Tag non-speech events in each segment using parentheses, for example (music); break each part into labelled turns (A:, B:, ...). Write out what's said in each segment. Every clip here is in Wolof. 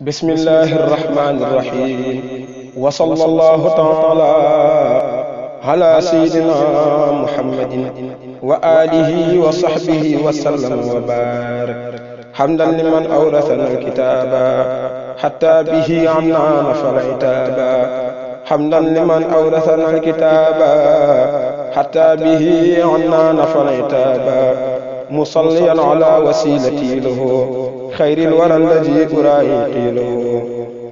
A: بسم الله الرحمن الرحيم وصلى الله تعالى على سيدنا محمد وآله وصحبه وسلم وبارك حمدا لمن أورثنا الكتاب حتى به عنا نفر عتابا حمدا لمن أورثنا الكتاب حتى به عنا نفر عتابا مصليا على وسيلتي له خير الورى الذي أرائي قيله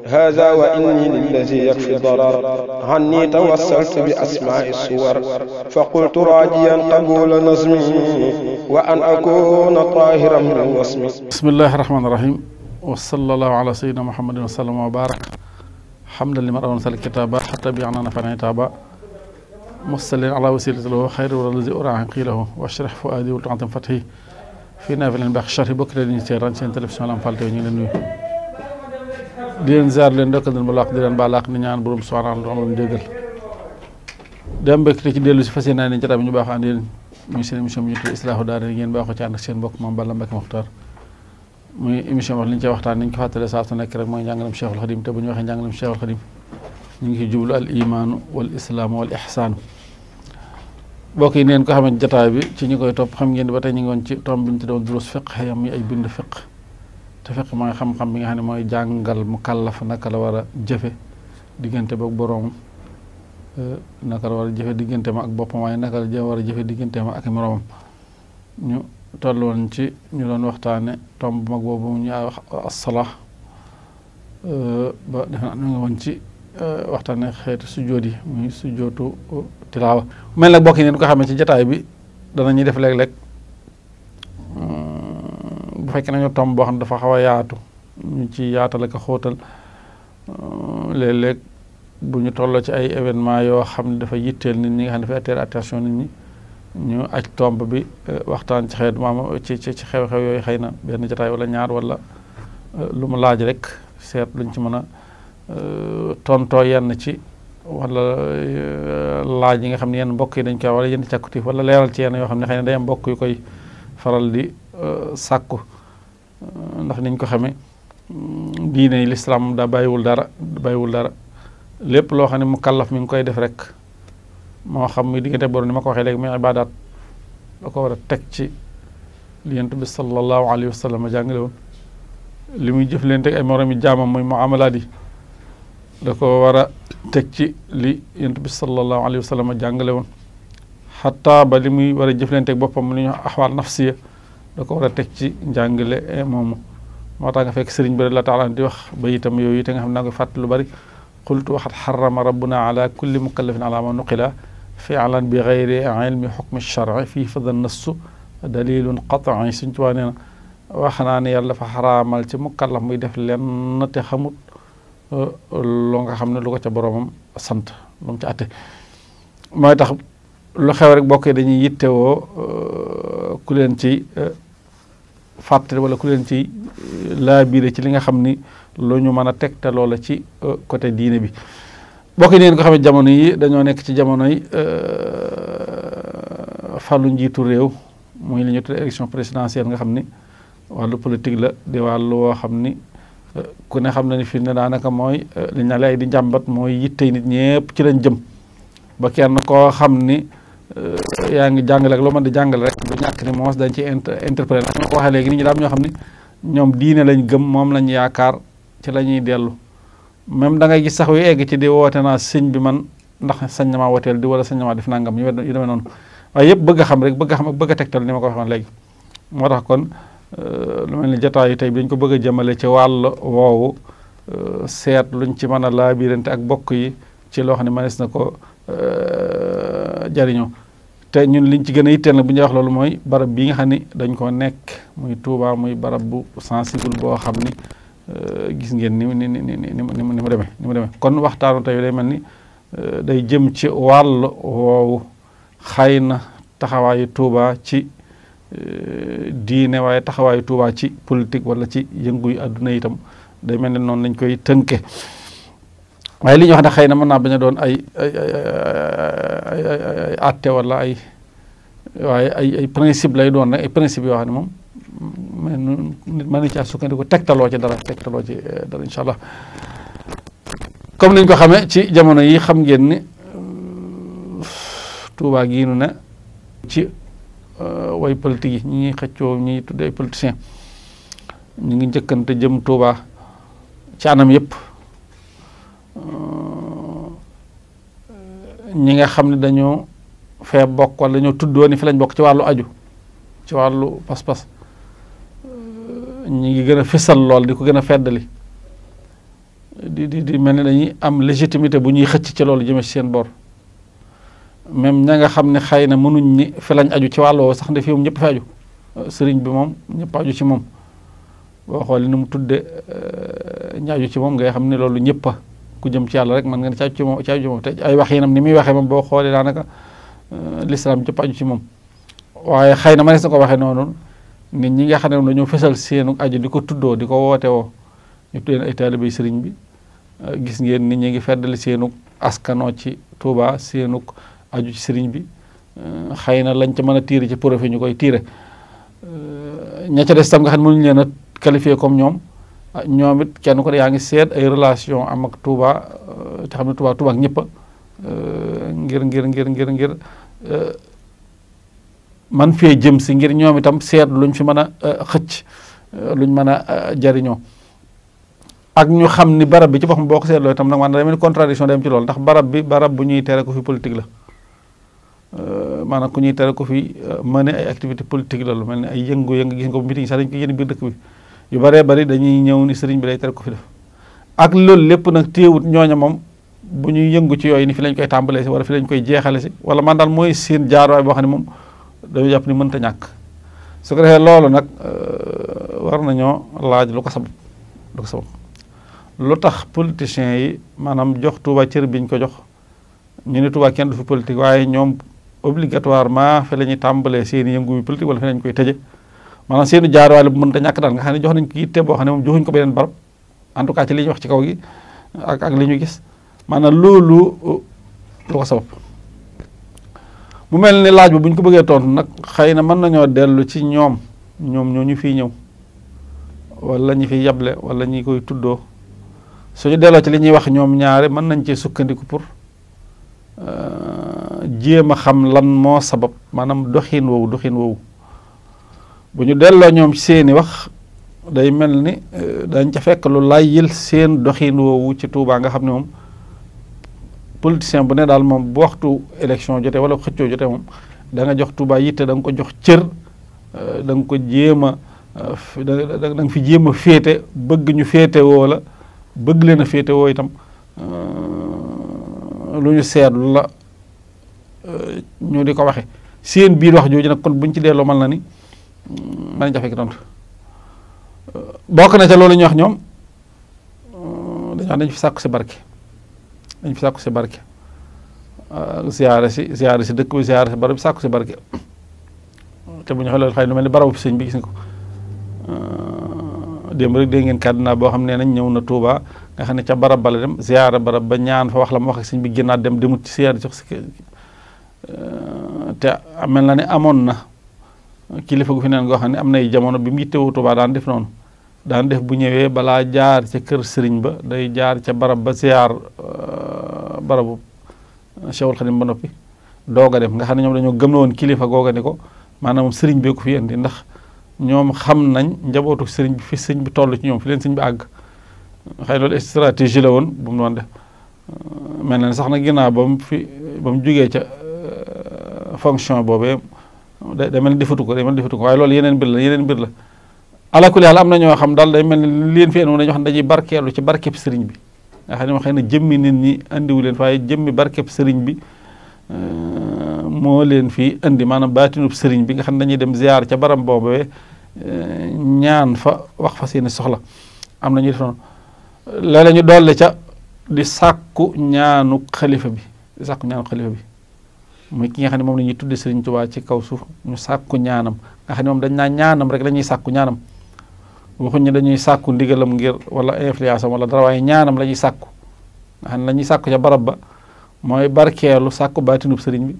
A: هذا وإني للذي يكفي الضرر عني توسلت بأسماء الصور فقلت راجيا قبول نظمي وأن أكون طاهرا من وسمي بسم الله الرحمن الرحيم وصلى الله على سيدنا محمد وسلم وبارك حمدا لمن أرسل الكتابة حتى بيعنا نفعنا كتابة مصلين على وسيلة له خير الذي أرى عن قيله واشرح فؤادي وتعطم فتحي fii naa fi leen baax chari bokk leen ñu seetaan seen télévision Lamp Fall TV ñu leen nuyu di leen ziar leen ndokkal leen ba laq ni ñaan borom subhanahu wa taala ñu déggal dem mbékk ci dellu si fas yéene naa ne jotaay ñu baax ànd yéen muy seen émission bi ñu tudd Islaahu Daara ngeen baaxoo ci ànd ak seen mbokk Mame Balla Mbacké Mokhtar muy émission wax li ñu ci waxtaan ni ñu ko fàttalee saa su nekk rek mooy njàngalam Cheikhul Khadim te bu ñu waxee njàngalam Cheikhul Khadim ñu ngi ci jublu al imaanu wal islaamu wal ihsaanu bokki yi neen ko xamante jotta bi ci ñi koy top xam ngeen batay ñi ngon ci tom bi tudon tuddoon durus fiq am ay bind fiqh te fiqh moy xam-xam bi nga xamne moy jangal mukallaf naka la wara jëfé digënté bok borom euh, naka la wara jëfé digënté ma ak bopam waaye naka la wara jëfé digënté ma ak morom ñu ci ñu doon waxtane tom bu mag bobu ñu wax asala euh, ba defe ñu ngi ci Euh, waxtaane xeetu sujjóot yi muy sujjóotu tilaawa mel nag bokk yi ko xamee ci jataay bi danañuy def léeg-léeg hmm, bu fekkee nañu tomb boo xam ne dafa xaw a yaatu ñu ci yaatal ak a xóotal hmm, léeg-léeg bu ñu tolloo ci ay événement yoo xam ne dafa yitteel nit ñi nga xam ne dafay attirer attention nit ñi ñu aj tomb bi euh, waxtaan ci xeet maam ci ci xew-xew yooyu xëy na benn jataay wala ñaar wala euh, lu mu laaj rek seet luñ ci mën a Euh, tontoo yenn ci wala euh, laaj yi nga xam ne yenn mbokk yi dañ koy wala yenn càkkutif wala leeral ci yenn yoo xam ne xëy na day am mbokk yu koy faral di euh, sàkku ndax niñ ko xamee mm, diine lislaam da bàyyiwul dara bàyyiwul dara lépp loo xam ne mu kallaf mi ngi koy def rek moo xam muy diggante borom ni ma ko waxee léegi muy ibaadaat da ko war a teg ci li yent bi sallallahu alayhi wa sallam jàngale woon li muy jëflante ak ay moromi jaamam muy muamalaat yi دكوا ورا تكشي لي ينتبه صلى الله عليه وسلم جانغلون حتى بالمي ورا جفلين تكبر فمني أحوال نفسية دكوا ورا تكشي جانغلة مهمو ما تعرف إكسرين بدل الله تعالى ديوخ بيت ميو يتعرف هم نعو فاتل باري قلت واحد حرم ربنا على كل مكلف على ما نقله فعلا بغير علم حكم الشرع في فض النص دليل قطع سنتوانا وحنا نيال فحرام مالتي مكلف ميدف لن نتخمت Euh, loo nga xam ne lu ko ca boroomam sant lu mu ca atte mooy tax lu xew rek bokk dañuy dañuy yittewoo euh, ku leen ci euh, fàttali wala ku leen ci laa biire ci li nga xam ni lu ñu mën a teg te loola ci côté diine bi bokk yi neen ko xamee jamono yi dañoo nekk ci jamonoy yi njiitu réew muy li ñu tudd élection présidentielle nga xam ni wàllu politique la di wàllu woo xam ni ku ne xam na ni fi ne daanaka mooy eh, li ñu lay di njàmbat mooy yitte nit ñëpp ci lañ jëm ba kenn koo xam ni eh, yaa ngi jàngale ak loo mën di jàngale rek du ñàkk ni moos dañ ci interpréter ndax ko waxee léegi nit ñi daam ñoo xam ni ñoom diine lañ gëm moom lañ yaakaar ci la ñuy dellu même da ngay gis sax yu egg ci di woote naa sëñ bi man ndax sañ ma maa di wala sañ ma maa def nangam yu demee noonu waaye yëpp bëgg xam rek bëgg xam ak bëgg a tegtal ni ma ko waxoon léegi moo tax kon Euh, lu mel ni jataayu tey bi dañ ko bëgg a jëmale ci wàll woowu euh, seet luñ ci mën a laabirante ak bokk yi ci loo xam ne mënees na ko euh, jariñoo te ñun liñ ci gën a yitteel nag bu ñuy wax loolu mooy barab bi nga xam ni dañ ko nekk muy Touba muy barab bu sensible boo xam ni gis ngeen ni ni ni ni mu ni mu demee ni mu demee kon waxtaanu tey day mel ni day jëm ci wàll woowu xëy na taxawaayu Touba ci diine waaye taxawaayu Touba ci politique wala ci yëngu yu àdduna yitam day mel ne noonu lañ koy tënke waaye liñ wax ne xëy na mën naa bañ a doon ay ay ay atte wala ay waaye ay ay principe lay doon rek ay principe yoo xam ne moom ma nit ma na caa sukkandiku tegtaloo ci dara tegtaloo ci eh, dara incha allah comme niñ ko xamee ci jamono yi xam ngeen ni Touba gii nu ne ci. Eh, way politique yi ñi xëccu ñi tuddé ay politiciens ñu ngi jëkënte jëm Touba ci anam yëpp eh, ñi nga xamni dañu dañoo fee bokk wala dañoo tuddo ni fi lañ bokk ci walu aju ci walu pass pass eh, ñi ngi gëna fessal lool di ko gën di di di melni dañuy am légitimité bu ñuy xëcc ci loolu jëme ci seen bor même ña nga xam ne xëy na mënuñ ni fi lañ aju ci wàll woowu sax nde fi moom ñëpp fi aju sëriñ bi moom ñëpp aju ci moom boo xoolee nu mu tudde euh, ñi aju ci moom ngay xam ne loolu ñëpp ku jëm ci yàlla rek mën nga ne moom ci aju ay wax yéenam ni muy waxee moom boo xoolee daanaka euh, lislaam ñëpp aju ci moom waaye xëy na mënees na ko waxee noonu nit ñi nga xam ne dañoo fesal seenu aju di ko tuddoo di ko woote woo ñu tuddeen ay bi sëriñ bi gis ngeen nit ñi ngi feddali seenuk askanoo ci Touba seenuk aju ci sëriñ bi euh, xëy na lañ ca mën a tiire ci profit ñu koy tiire euh, ña ca des tam nga xam ne mënuñ leen a qualifié comme ñoom ah, ñoom it kenn ko yaa ngi seet ay relation am ak tuuba euh, te xam ne Touba Touba ak ngir ngir ngir ngir ngir man fee jëm si ngir ñoom itam seet luñ fi mën a xëcc luñ mën a jariñoo ak ñu xam ni barab bi ci boppam boo ko seetloo itam nag maanaam day mel ni contradiction dem ci loolu ndax barab bi barab bu ñuy tere ko fi politique la Euh, maanaam ku ñuy tere ko fi euh, mëne ay activité politique loolu mel ne ay yëngu-yëngu gis nga meeting sax dañ ko yéen biir dëkk bi yu bëree bëri dañuy ñëw ni sëriñ bi day tere ko fi def ak loolu lépp nag téewut ñooña moom bu ñuy yëngu ci yooyu ni fi lañ koy tàmbalee si wala fi lañ koy jeexale si wala man daal mooy seen jaaruwaay boo xam ne moom dañu jàpp ni mënta ñàkk su ko defee loolu nag euh, war nañoo laaj lu ko sabab lu ko sabab lu tax politiciens yi maanaam jox Tuuba cër biñ ko jox ñu ne Tuuba du fi politique waaye ñoom obligatoirement fa lañu tambalé seen i yëngu politique wala fa lañ koy tejé tëje seen jaar walu bu ta ñak daal nga xam jox nañ ko yitté bo xam mom joxuñ ko benen barab en tout cas ci liñ wax ci kaw gi ak ak liñu ñu gis maanaam lolu lu ko sabab mu melni laaj bu buñ ko bëggé tontu nak xeyna na mën nañoo dellu ci ñom ñom ñoo ñu fi ñew wala ñi fi yablé wala ñi koy tuddo suñu delloo ci liñ wax ñom ñaari mën nañ cee sukkandiku pour euh, jéem a xam lan moo sabab maanaam doxin woowu doxin woowu bu ñu delloo ñoom seeni wax day mel ni eh, dañ ca fekk lu yël seen doxin woowu ci tuubaa nga xam ne moom politicien bu ne daal moom bu waxtu élection jotee wala xëccoo jotee moom da jox Touba yitte danga ko jox cër eh, danga ko jéem a eh, da nga fi jéem a féete bëgg ñu féete woo la bëgg leen a féete woo itam lu ñu seetlu la Euh, ñu di ko waxe seen biir wax jooju nag kon ñu ci delloo mën na ni mm, mën jafe ki tontu euh, bokk na ca loolu ñu wax ñoom euh, dañu wax dañu fi sàkku si barke dañu fi sàkku si barke ziyaare si ziyaare si dëkk bi ziyaare sàkku si barke bu ñu xoolee xëy lu mel ni barabu sëñ bi gis nga ko démb rek dégg ngeen kàddinaa boo xam ne nañ ñëw na Touba nga xam ne ca barab bala dem ziyaare barab ba ñaan fa wax la mu wax ak sëñ bi génnaat dem demut ci ziyaare jox si te mel na ne amoon na kilifa gu fi neen goo xam ne am nay jamono bi mu yittewoo Tuubaa daan def noonu daan def bu ñëwee balaa jaar ca kër sëriñ ba day jaar ca barab ba siyaar euh, barabu Cheikhul Khadim ba noppi doog a dem nga xam ne ñoom dañoo gëm la kilifa googa ne ko maanaam sëriñ bee ko fi ndax ñoom xam nañ njabootu sëriñ bi fi sëriñ bi toll ci ñoom fi leen sëriñ bi àgg xëy loolu stratégie la woon bu doon def euh, mel na ne sax na ginnaaw ba fi ba jugee ca fonction boobee day mel ni defatu ko day mel ni defatu waaye loolu yeneen mbir la yeneen mbir la alakuli am na ñoo xam daal day mel ni leen fi en dañoo xam dañuy barkeelu ci barkeb sëriñ bi nga xam ne ma xëy na jëmmi nit ñi andiwu leen waaye jëmmi barkeb sëriñ bi euh, moo leen fi andi maanaam baatinub sëriñ bi nga xam ne dañuy dem ziar ca baram boobe euh, ñaan fa wax fa seeni soxla am na ñuy def noonu la ñu doole ca di sàkku ñaanu xalifa bi di sàkku ñaanu xalifa bi muy ki nga xam ne moom la ñuy tudde Sëriñ Tuubaa ci kaw suuf ñu sàkku ñaanam nga xam ne moom dañ naa ñaanam rek la sàkku ñaanam waxuñ ne dañuy sàkku ndigalam ngir wala influence am wala dara waaye ñaanam la ñuy sàkku nga xam ne la ñuy ca barab ba mooy barkeelu sàkku baatinub sëriñ bi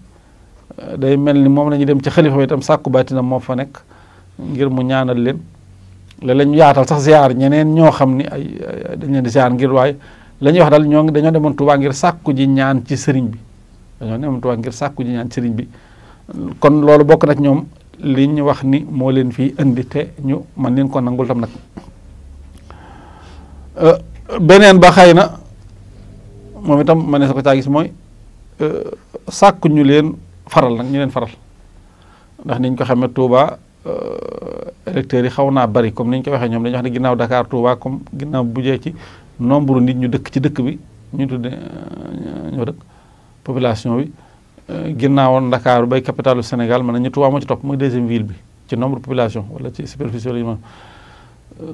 A: day mel ni moom la dem ci xalifa bi itam sàkku baatinam moo fa nekk ngir mu ñaanal leen la lañ yaatal sax ziar ñeneen ñoo xam ni ay dañ leen di ziar ngir waaye la ñuy wax daal ñoo dañoo demoon Tuubaa ngir sàkku ji ñaan ci sëriñ bi dañu ne moom ngir sàkku ji ñaan sëriñ bi kon loolu bokk nag ñoom li ñu wax ni moo leen fi indi te ñu man leen ko nangul tam nag euh, beneen ba xëy na moom itam ma ne sa ko caa gis mooy euh, sàkku ñu leen faral nag ñu leen faral ndax niñ ko xamee Touba euh, électeurs yi xaw naa bari comme niñ ko waxee ñoom dañu wax ne ginnaaw Dakar Touba comme ginnaaw bu jee ci nombre nit ñu dëkk ci dëkk bi ñu tudde ñoo dëkk population bi euh, ginnaawoon Dakar bay capitalu Sénégal mën nañu Touba moo ci topp mooy deuxième ville bi ci nombre population wala ci superficie la ñu mën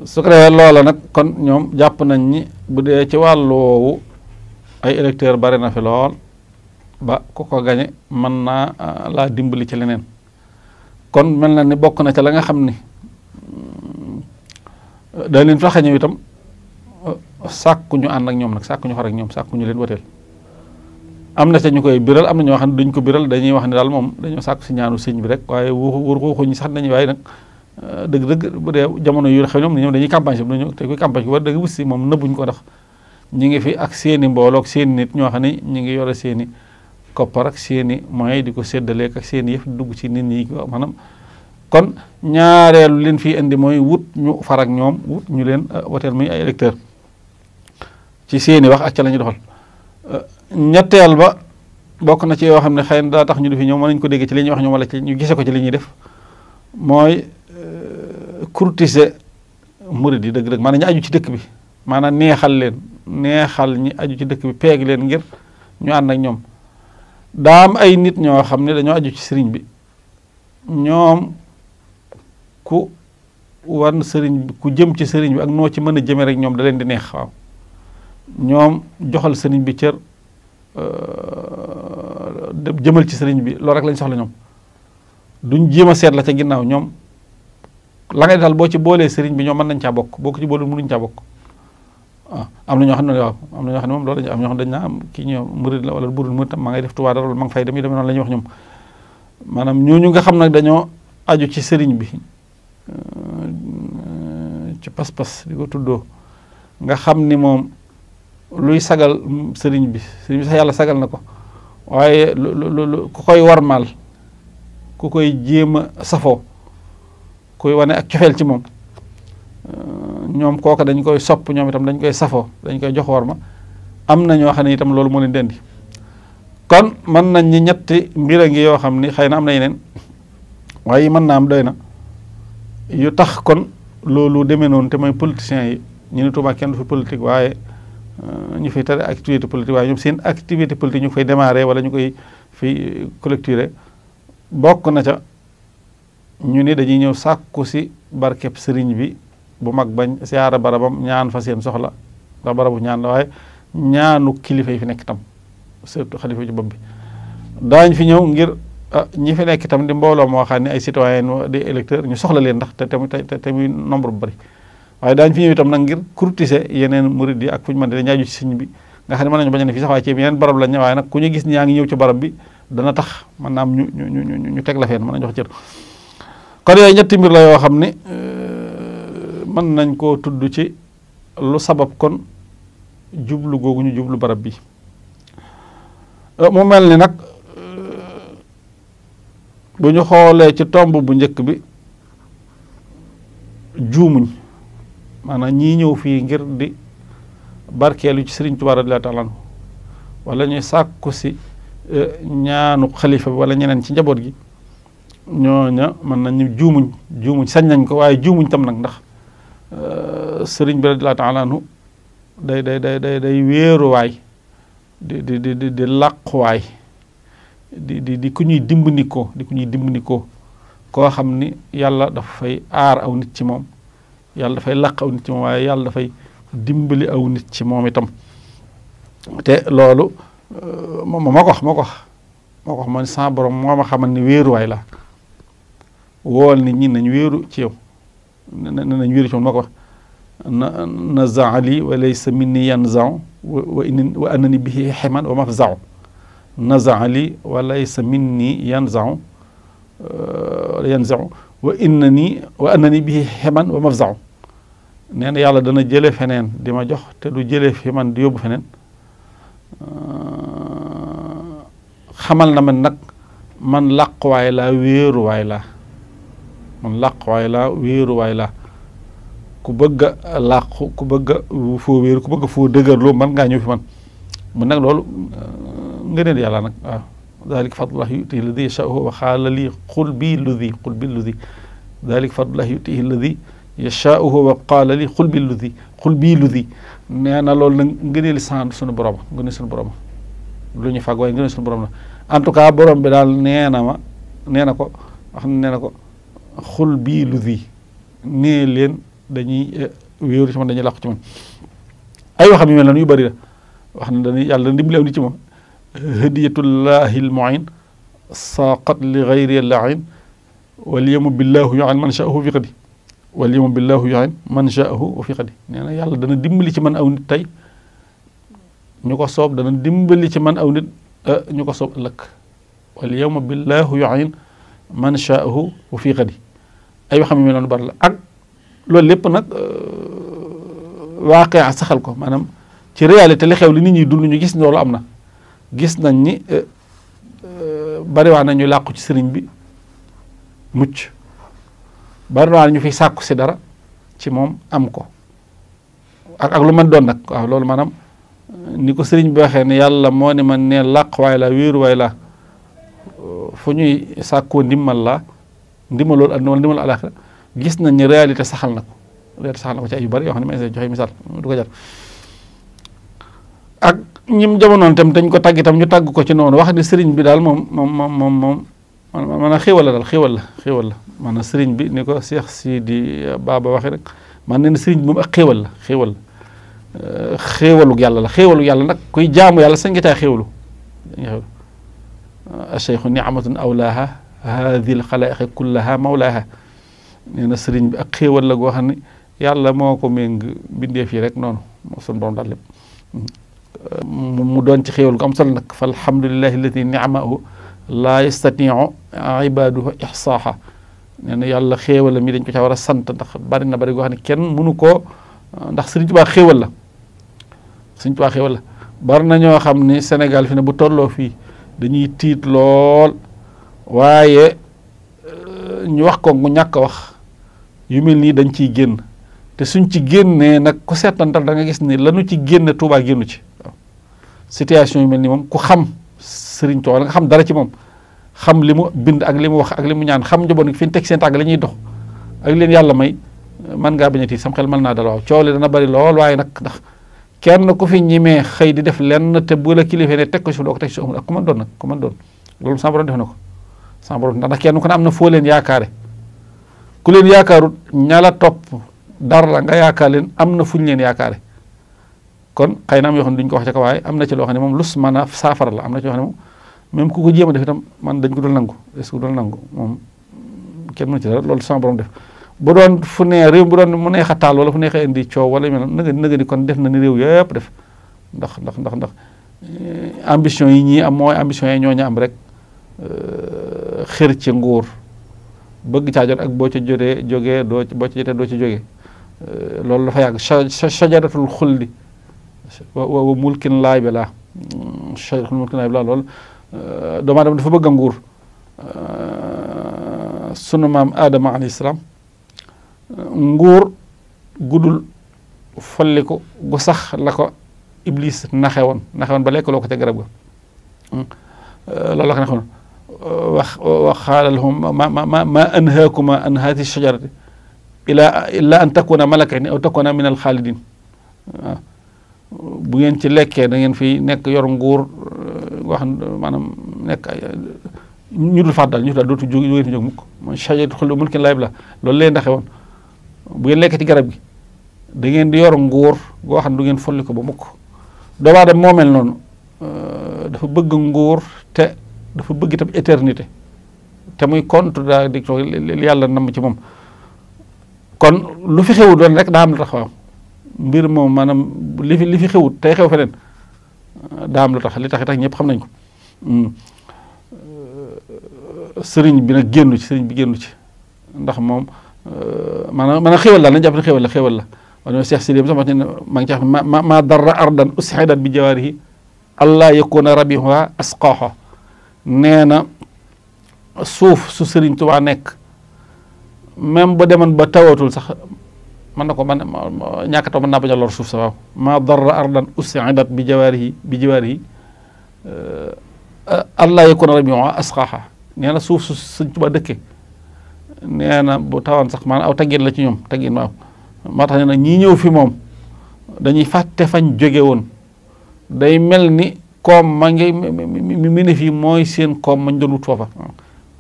A: su ko defee loola nag kon ñoom jàpp nañ ni bu dee ci wàllu woowu ay électeurs bari na fi lool ba ku ko gañe mën naa euh, laa dimbali ci leneen kon mel na ni bokk na ca la nga xam ni euh, daa leen tax a ñëw itam sàkku ñu ànd ak ñoom nag sàkku ñu far ak ñoom sàkku ñu leen wateel amna ci ñukoy biral amna na ñoo xam ne duñ ko biral dañuy wax ni dal mom dañu sàkk ci ñaanu señ bi rek waye wóor ko waxuñu sax nañu waye nak euh, deug deug bu de jamono yu xew ñom ñoom dañuy campagne si dañu te koy campagne ko war dëgg wussi mom nëbbuñ ko tax ñi ngi fi ak seeni mbolo ak seen nit ñoo xam ñi ngi yore seeni koppar ak seeni moy diko ko ak seeni yef dugg ci nit ñi manam kon ñaarelu leen fi indi moy wut ñu far ak ñom wut ñu leen euh, woteel muy ay électeur ci seeni wax ak ci lañu doxal euh, ñetteel ba bokk na ci yoo xam ne xëy na daa tax ñu du fi ñëw mën nañu ko dégg ci li ñuy wax ñoom wala ci ñu gise ko ci li ñuy def mooy euh, courtiser murid yi dëgg-dëgg maanaam ñu aju ci dëkk bi maanaam neexal leen neexal ñi aju ci dëkk bi peeg leen ngir ñu ànd ñoom daa am ay nit ñoo xam ne dañoo aju ci sëriñ bi ñoom ku wan sëriñ bi ku jëm ci sëriñ bi ak noo ci mën a jëmee rek ñoom da leen di neex waaw ñoom joxal sëriñ bi cër Euh, jëmal ci sëriñ bi lool rek lañ soxla ñoom duñ jéem a seet la ca ginnaaw ñoom la ngay daal boo ci boolee sëriñ bi ñoom mën nañ caa bokk boo ko ci boole mënuñ caa bokk waaw ah, am na ñoo xam ne waaw am na ñoo xam ne moom loolu am ñoo dañ naa am kii ñoom murid la wala burul murid ma ngi fay dem yi demee noonu la ñuy wax ñoom maanaam nga xam nag dañoo aju ci sëriñ bi euh, ci pas-pas di ko tuddoo nga xam ni moom luy sagal sëriñ bi sëriñ bi sax yàlla sagal na ko waaye lu lu lu ku koy warmaal ku koy jéem a safoo kuy wane ak cofeel ci moom euh, ñoom kooka dañ koy sopp ñoom itam dañ koy safoo dañ koy jox warma am na ñoo xam ne itam loolu moo leen dendi kon mën nañ ñi ñetti mbir a yoo xam ni xay na am na yeneen waaye mën na am doy na yu tax kon loolu demee noonu te mooy politiciens yi ñu ne Tuubaa kenn fi politique waaye ñu fay tare activité politique way ñoom seen activité politique ñu fay démarrer wala ñu koy fi collecturer bokk na ca ñu ni dañuy ñew sakku ci barkeb sëriñ bi bu mag bañ siyaara barabam ñaan fa seen soxla da barabu ñaan la way ñaanu kilifa yi fi nek tam surtout khalifa ju bobbi dañ fi ñew ngir ah, ñi fi nek tam di mbolo mo xani ay citoyen di électeur ñu soxla leen ndax te te te nombre bu bari waye dañ fi ñëw itam nak ngir courtiser yeneen murid yi ak fuñu man dañ ñaju ci señ bi nga xam ne mën nañu bañ ne fii sax waaye ci yeneen barab lañ ne waaye nag ku ñu gis ñaa ngi ñëw ci barab bi dana tax mën naam ñu ñu ñu ñu tek la fen man nañu wax cër kon yooyu ñetti mbir la yo xam euh, man nañ ko tuddu ci lu sabab kon jublu gogu ñu jublu barab bi euh, mu melni nak nag euh, bu ñu xoolee ci tomb bu ñëk bi juumuñ maanaam ñii ñëw fii ngir di barkeelu ci sëriñ Tuubaa radiyallaahu taala anhu wala ñuy sàkku si e, ñaanu xalifa bi wala ñeneen ci njaboot gi ñooña mën nañu juumuñ juumuñ sañ nañ ko waaye juumuñ tam nag ndax e, sëriñ bi radiyallaahu taala anhu day day day day day wéeruwaay di di di di di làquwaay di di di ku ñuy dimbandikoo di ku ñuy dimbandikoo koo xam ni yàlla dafa fay aar aw nit ci moom yàlla dafay làq aw nit ci moom yàlla dafay dimbali aw nit ci moom itam te loolu euh, moom ma ko wax ma ko wax ma ko wax man sa borom moo ma xamal ni wéeruwaay la wool nit ñi nañ wéeru ci yow nañ wéeru ci moom ma ko na nazaa li wa laysa minni yanzau wa inni wa annani bihi xeman wa mafzau nazaa li wa laysa minni wa inna nii wa anna ni bii xeman wa mafzau nee na yàlla dana jële feneen di ma jox te du jële fi man di yóbbu feneen xamal na man nag man làquwaay laa wéeruwaay laa man làquwaay laa wéeruwaay laa ku bëgg làqu ku bëgg a foo wéeru ku bëgg a foo dëgërloo man ngaa ñëw fi man mu nag loolu nga neen yàlla nag daalika fadlullah yutihi alladi yashaahu wa xaala li qul bi ludi qul bi ludi daalika fadlullah yutihi alladi yashaahu wa qaala li qul bi ludi qul bi ludi nee na loolu nag ngëneeli sant suñu borom ngëneel suñu borom lu ñu fag waaye ngëneel suñu borom la en tout cas borom bi daal nee na ma nee na ko wax nee na ko xul bii ludi nee leen dañuy eh, wéeru ci man dañuy làqu ci man ay waxam yu mel noonu yu bëri la wax na dañuy yàlla dimbali aw nit ci moom hadiyatullahi almuin saqat li gayri lain walyemu billahu yuin man shaahu fi qadi walyemu billahu yuin man shaahu fi qadi nee na yàlla dana dimbali ci man aw nit tey ñu ko soob dana dimbali ci man aw nit eh, ñu ko soob ëllëg walyemu billahu yuin man shaahu fi qadi ay waxam yu mel noonu la ak loolu lépp nag eh, waaqe saxal ko maanaam ci réalité li xew li nit ñi dund ñu gis loolu am na gis nañ ni euh, euh, bari waa nañu làqu ci sëriñ bi mucc bari waa ñu fiy sàkku si dara ci moom am ko ak ak lu man doon nag waaw loolu maanaam euh, ni ko sëriñ bi waxee ne yàlla moo ne man ne làq waay la wéeru waay la foo ñuy sàkkoo ndimmal la ndimmal loolu adduna wala ndimmal alaxira gis nañ ni réalité saxal na ko réalité saxal na ko ci ay yu bari yoo xam ne ma joxe misaal du ko jar ñim jamonoon tam dañ ko tàgg tam ñu tag ko ci non wax ni sëriñ bi dal mom mom mom mom man maanaam xéwal la xéwal la xéwal la maanaam sëriñ bi ni ko Cheikh Sidi Baba waxee rek man ne sëriñ bi moom ak xéwal la xéwal xewaluk yàlla la xewaluk yàlla nak kuy jaamu yàlla sa ngi taa xéwlu acheikhu niamatun awlaaha haadil xalaa'iqi kullaha mawlaaha nee na sëriñ bi ak xéwal la goo xam ne yàlla moo ko méng bindeef yi rek noonu moo sun borom daal mu doon ci xéewal gu am solo nag fa alhamdulillahi alladi niamahu laa yastatiu ibaduhu ixsaaha nee na yàlla xéewala mii dañ ko caa war a sant ndax bari na bari goo xam kenn mënu ko ndax Sëriñ Tuubaa xéewal la Sëriñ la bari na ñoo xam ne Sénégal fi ne bu tolloo fii dañuy tiit lool waaye euh, ñu wax ko mu ñàkk wax yu mel nii dañ ciy génn te suñ ci génnee nag ku seetantal da nga gis ni lanu ci génne Tuubaa génnu ci situation yu mel ni moom ku xam Serigne Touba wala nga xam dara ci moom xam li mu bind ak li mu wax ak li mu ñaan xam njaboot fi ñu teg seen tànk la ñuy dox ak leen yàlla may man ngaa bañati sam xel mën naa dal waaw coow li dana bari lool waaye nag ndax kenn ku fi ñimee xëy di def lenn te bu la kilifa ne teg ko si doo ko teg si amul ak doon nag ku doon loolu sama def na ko sama borom ndax kenn ku ne am na foo leen yaakaare ku leen yaakaarut ña la topp dara la nga yaakaar leen am na fu ñu leen yaakaare kon xëy na am yoo xam ne duñ ko wax ca kaw waaye am na ci loo xam ne moom lus maanaam saafara la am na ci yoo xam ne moom même ku ko jéem a def itam man dañ ko doon nangu est-ce que dul nangu moom kenn mënu ci dara loolu sama borom def bu doon fu nee réew bu doon mu neex a taal fu neex a indi coow wala mel na na nga ni kon def na ni réew yëpp def ndax ndax ndax ndax eh, ambition yi ñii am mooy ambition yi ñooñu am rek eh, xër ci nguur bëgg caa ak boo ca jotee jógee doo boo ca jotee doo ci jógee eh, loolu dafa yàgg sa sa sajaratul xulli wa mulkin laay bi laa cheikhul mulkin laay bi laa loolu doomu aadama dafa bëgg a nguur sunu maam aadama alayhi salaam nguur gudul folliku gu sax la ko iblis naxe woon naxe woon ba lekk loo ko ca garab ga loolu la ko naxoon wax waxaala lahum ma ma ma anhaakuma an haati shajarati ila illa an takuna malakayn aw takuna min alxaalidin waaw bu ngeen ci lekkee da ngeen fi nekk yor nguur euh, wax maanaam nekk ay euh, ñu dul faat daal ñu daal dootu jóg jógee fi jóg mukk man chajet xulu mulkin laayib la loolu leen ndaxe woon bu ci garab gi da di yor nguur goo xam du ngeen folli ko ba mukk doomu moo mel noonu euh, dafa bëgg nguur te dafa bëgg éternité te muy contre daa di ci moom kon lu fi xewu doon rek daa am la taxawaam mbir moom maanaam lifi fi li fi xewut tey xew feneen daam lu tax li tax i ñëpp xam nañ hmm. euh, sëriñ bi nag génnu ci sëriñ bi génnu ci ndax moom euh, maanaam maanaam xéwal la nañ jàpp ne xéwal la xéwal la wala ñoo Cheikh Sidi bi sax wax ne maa ngi ci wax ma ma darra bi jawaarihi allah yakuna rabiha asqaaha nee na suuf su sëriñ Tuubaa nekk même ba demoon ba tawatul sax mën na ko man ñàkk taw mën naa bañ a lor suuf sa waaw maa darra ardan usidat bi jawaarihi bi jawaarihi euh, allah yakuna rabiuha asqaaha nee na suuf su Sëñ Tuubaa dëkke nee na bu tawaan sax maanaam aw taggin la ci ñoom taggin waaw moo tax nee na ñii ñëw fi moom dañuy fàtte fañ jóge woon day mel ni koom ma ngi mi ne fii mooy seen koom mañ doon wut foofa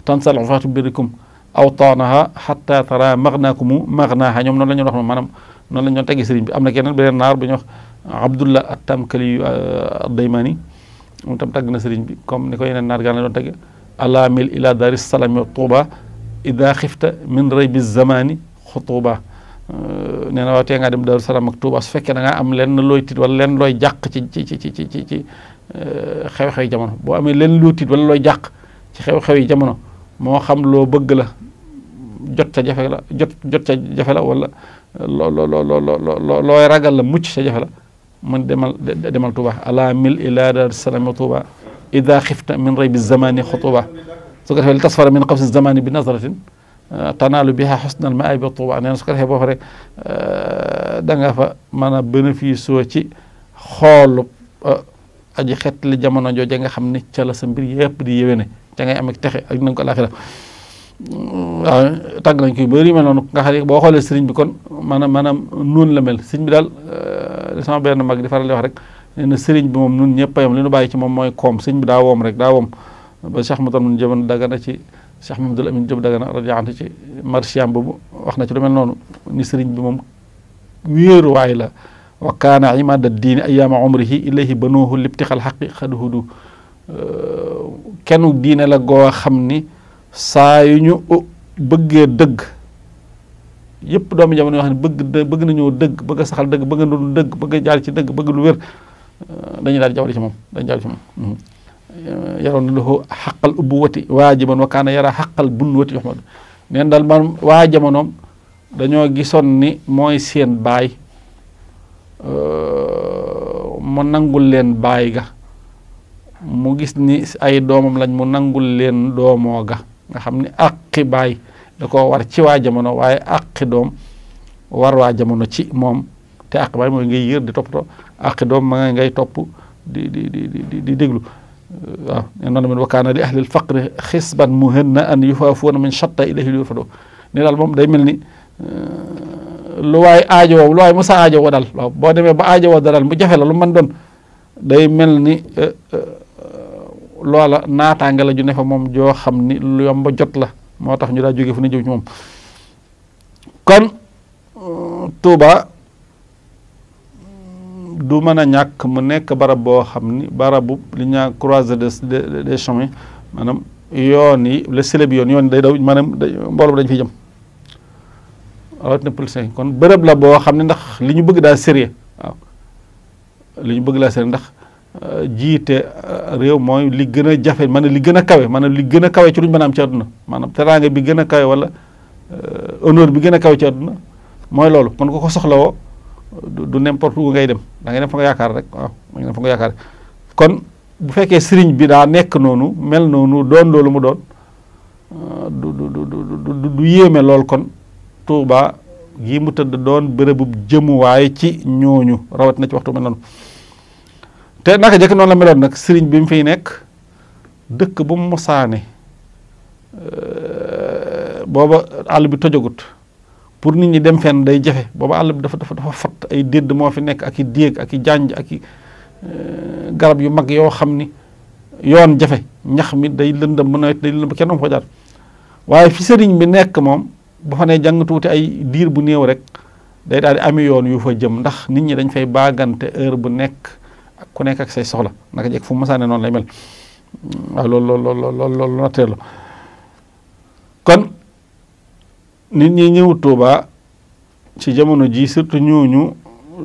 A: tansal ufaatu birikum awtaanaha xatta tara maghnaakumu maghnaaha ñoom noonu la ñu wax maanaam noonu la ñu doon teggee sëriñ bi am na keneen beneen naar bu ñuy wax Abdullah at-Tamkali ad-Daymani moom tam tagg na sëriñ bi comme ni ko yeneen naar gaan la doon tegge ala mil ila daari salami tuuba ida xifta min raybi zamani xutuba nee na waaw tee ngaa dem daaru salaam ak tuuba su fekkee da ngaa am lenn looy tiit wala lenn looy jàq ci ci ci ci ci ci xew-xew yi jamono boo amee lenn loo tiit wala looy jàq ci xew-xew yi jamono moo xam loo bëgg la jot ca jafe la jot jot ca jafe la wala loo loo loo looy ragal la mucc ca jafe la man demal demal Touba ala mil ila dar salami Touba ida xifta min raybi zamani xutuba su ko defee li tasfara min xabsi zamani bi nazratin tanaalu biha xusnal maabi Touba nee na su ko defee boo fa rek da nga fa mën a bénéfice oo ci xoolub aji xet li jamono jooja nga xam ne ca la sa mbir yëpp di yéwéne ca ngay am ak texe ak na nga ko laaxira tàgg nañ ko yu bëri mel noonu nga xam ne boo xoolee sëriñ bi kon maanaam maanaam noonu la mel sëriñ bi daal sama benn mag di faral di wax rek nee na sëriñ bi moom nun ñëpp a yem li nu bàyyi ci moom mooy koom sëriñ bi daa woom rek daa woom ba Cheikh Mouton mun jëman dagana ci Cheikh Mamadou Amine Diop dagana radiyallahu anhu ci marsiyaam boobu wax na ci lu mel noonu ni sëriñ bi moom wéeruwaay la wa kaana imada diini ayaama umrihi ilayhi banuuhu libtixal xaqi xaduhudu kenn diine la goo xam ni saa yu ñu bëggee dëgg yëpp doomi jamono yoo xam ne bëgg bëgg nañoo dëgg bëgg a saxal dëgg bëgg a dul dëgg bëgg jaar ci dëgg bëgg lu wér euh, dañuy daal di jawale ci moom dañuy jawale ci moom mhm. euh, yaroon lahu xaqal ubuwati waajiban wa kaana yara xaqal bunwati yoxmad neen daal man waa jamonoom dañoo gisoon ni mooy seen baay euh, mu nangul leen baay ga mu gis ni ay doomam lañ mu nangul leen doomoo ga nga xam ni àqi baay da koo war ci waa jamono waaye àqi doom war waa jamono ci moom te àqi baay mooy ngay yër di toppatoo àqi doom ma ngay topp di di di di déglu waaw nee noonu min wa kaana li ahlil faqri xisban muhanna an yuwaafuuna min shatta ilayhi yurfadoo ni daal moom day mel ni euh, lu waay aajowoo lu waay musa aajowoo daal waaw boo demee ba aajowoo daal mu jafe la lu mën doon day mel ni euh, euh, loola naataange la ju nefa fa moom joo xam ni lu yomba jot la moo tax ñu daa jóge fu ne jëm ci moom kon Touba du mën a ñàkk mu nekk barab boo xam ni barabu li ñaa croisée des des chemins maanaam yoon yi le sélé bi yoon yoon day daw maanaam mbooloo dañ fi jëm rawatina pulsin kon bërëb la boo xam ne ndax li ñu bëgg daa sérieux waaw li ñu bëgg sérieux ndax jiite euh, réew mooy li gën a jafe maanaam li gën a kawe man maanaam li gën a kawe ci luñ mën a am ci àdduna maanaam teraanga bi gën a kawe wala euh, honneur bi gën a kawe ci àdduna mooy loolu kon ko ko soxlawoo du n'importe où ngay dem da ngay dem fa nga yaakaar rek waaw moo nga dem fa nga yaakaar kon bu fekkee sëriñ bi daa nekk noonu mel noonu doon loolu mu doon euh, du du du du yéeme lool kon Tuuba gii mu tëdd doon bërëbu jëmuwaay ci ñooñu rawat na ci waxtu mel noonu te naka jëkk noonu la meloon nag sëriñ bi mu fiy nekk dëkk bu mu mosaane euh, booba àll bi tojagut pour nit ñi dem fenn day jafe booba àll bi dafa dafa dafa fatt ay dédd moo fi nekk ak i déeg ak i jànj ak i euh, garab yu mag yoo xam ni yoon jafe ñax mi day lëndëm bu nawet day lëndëm ba kenn ko jaar waaye fi sëriñ bi nekk moom bu fa ne jàng tuuti ay diir bu néew rek day daal di ami yoon yu fa jëm ndax nit ñi dañ fay baagante heure bu nekk ku nekk ak say soxla ndax jekk fu mu masaane noonu lay mel waaw loolu loolu loolu loolu noteer la kon nit ñi ñëw Tuuba ci jamono ji surtout ñooñu euh,